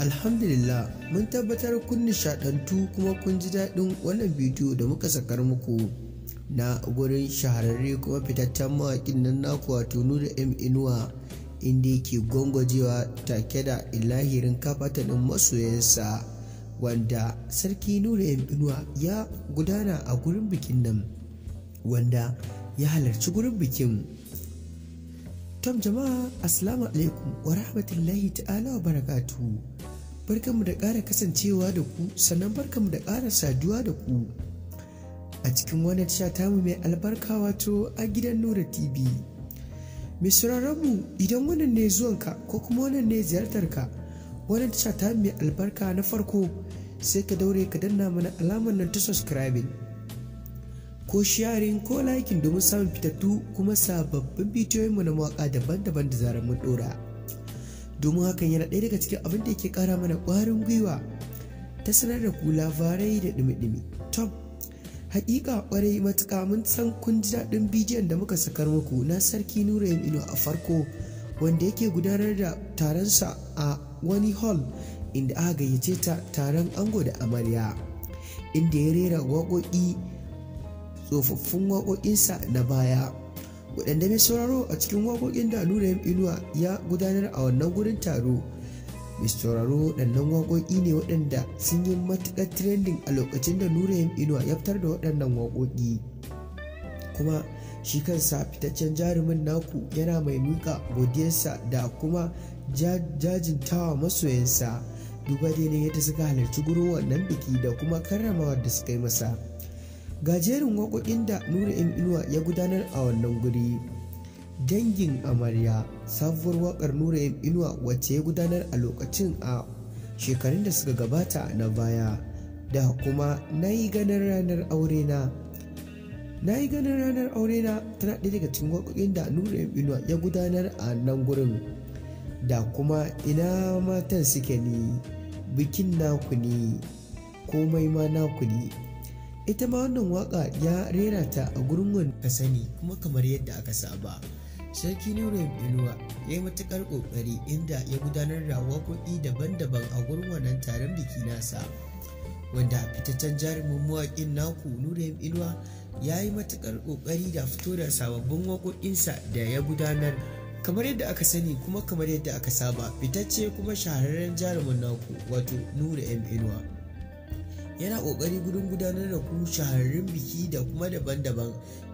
alhamdulillah mun tabbatar kun nishadantu kuma kun ji daɗin wannan bidiyo da muka sakar muku na gurin shahararre kuma fitaccen mawaƙin nan naku wato da m inuwa inda yake gwangwajewa take da ilahirin kafatanin masoyansa wanda sarki nuna m inuwa ya gudana a gurin bikin nan wanda ya halarci gurin bikin Tom jama'a assalamu alaikum wa rahmatullahi ta'ala wa barakatu. Barkanmu da ƙara kasancewa da ku sannan barkanmu da ƙara saduwa da ku. A cikin wani tasha tamu mai albarka wato a gidan Nura TV. Mai mu idan wannan ne zuwanka ko kuma wannan ne ziyartarka wani tasha tamu mai albarka na farko sai ka daure ka danna mana alamar nan ta subscribing. ko sharing ko liking domin samun fitattu kuma sababbin mu na mawaka daban-daban da zarar mun dora domin hakan yana ɗaya daga cikin abin da yake ƙara mana ƙwarin gwiwa ta sanar da ku labarai da ɗumi-ɗumi tom haƙiƙa ƙwarai matuƙa mun san kun ji daɗin bidiyon da muka sakar muku na sarki yin ino a farko wanda yake gudanar da taronsa a wani hall inda aka gayyace ta taron ango da amarya inda ya rera waƙoƙi tsofaffin waƙoƙinsa na baya waɗanda mai sauraro a cikin waƙoƙin da nura inuwa ya gudanar a wannan gurin taro mai sauraro ɗannan waƙoƙi ne waɗanda sun yi matuƙar trending a lokacin da nura inuwa ya fitar da waɗannan waƙoƙi kuma shi kansa fitaccen jarumin naku yana mai miƙa godiyarsa da kuma jajintawa masoyansa duba da yadda suka halarci gurin wannan biki da kuma karramawar da suka yi masa. ga jerin waƙoƙin da nura yan inuwa ya gudanar a wannan guri dangin amarya sabuwar wakar nura in inuwa wacce ya gudanar a lokacin a shekarun da suka gabata na baya da kuma na yi ganin ranar aure na na yi ganin ranar aure na tana ɗaya daga cikin waƙoƙin da nura in inuwa ya gudanar a nan gurin da kuma ina matan suke ni bikin naku ne komai ma naku ne ita ma wannan waka ya rera ta a gurin wani ka sani kuma kamar yadda aka saba sarki nura inuwa ya yi matukar kokari inda ya gudanar da waƙoƙi daban-daban a gurin wannan taron biki nasa wanda fitaccen jarumin mawaƙin naku nuna inuwa ya yi matukar kokari da fito da sababbin waƙoƙinsa da ya gudanar kamar yadda aka sani kuma kamar yadda aka saba fitacce kuma shahararren jarumin naku wato nuna inuwa yana kokari gudun gudanar da ku shahararrun biki da kuma daban-daban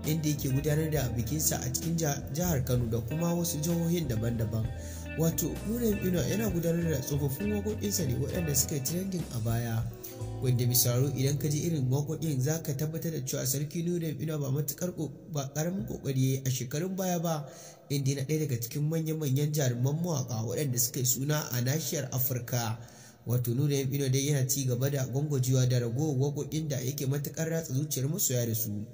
inda yake gudanar da bikinsa a cikin jihar kano da kuma wasu jihohin daban-daban wato nurin ino yana gudanar da tsofaffin wakokinsa ne waɗanda suka yi trending a baya wanda misaro idan ka ji irin waƙoƙin za ka tabbatar da cewa sarki nuna ino ba matukar ba ƙaramin ƙoƙari a shekarun baya ba inda yana ɗaya daga cikin manya-manyan jaruman mawaƙa waɗanda suka yi suna a nashiyar afirka wato nuna yin ino dai yana ci gaba da gwangwajiwa da ragowa kudin da yake matukar ratsa zuciyar masoya da su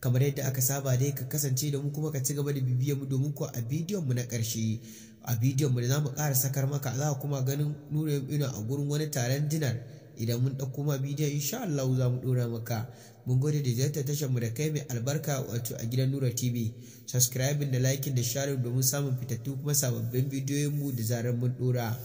kamar yadda aka saba dai ka kasance da mu kuma ka ci gaba da bibiyar mu domin ko a bidiyon mu na karshe a bidiyon mu da zamu kara sakar maka za kuma ganin nuna yin ino a gurin wani taron dinar idan mun ɗauko ma bidiyon insha Allah za mu ɗora maka mun gode da ziyartar tashar mu da kai mai albarka wato a gidan Nura TV subscribing da liking da sharing domin samun fitattu kuma sababbin bidiyoyin mu da zarar mun ɗora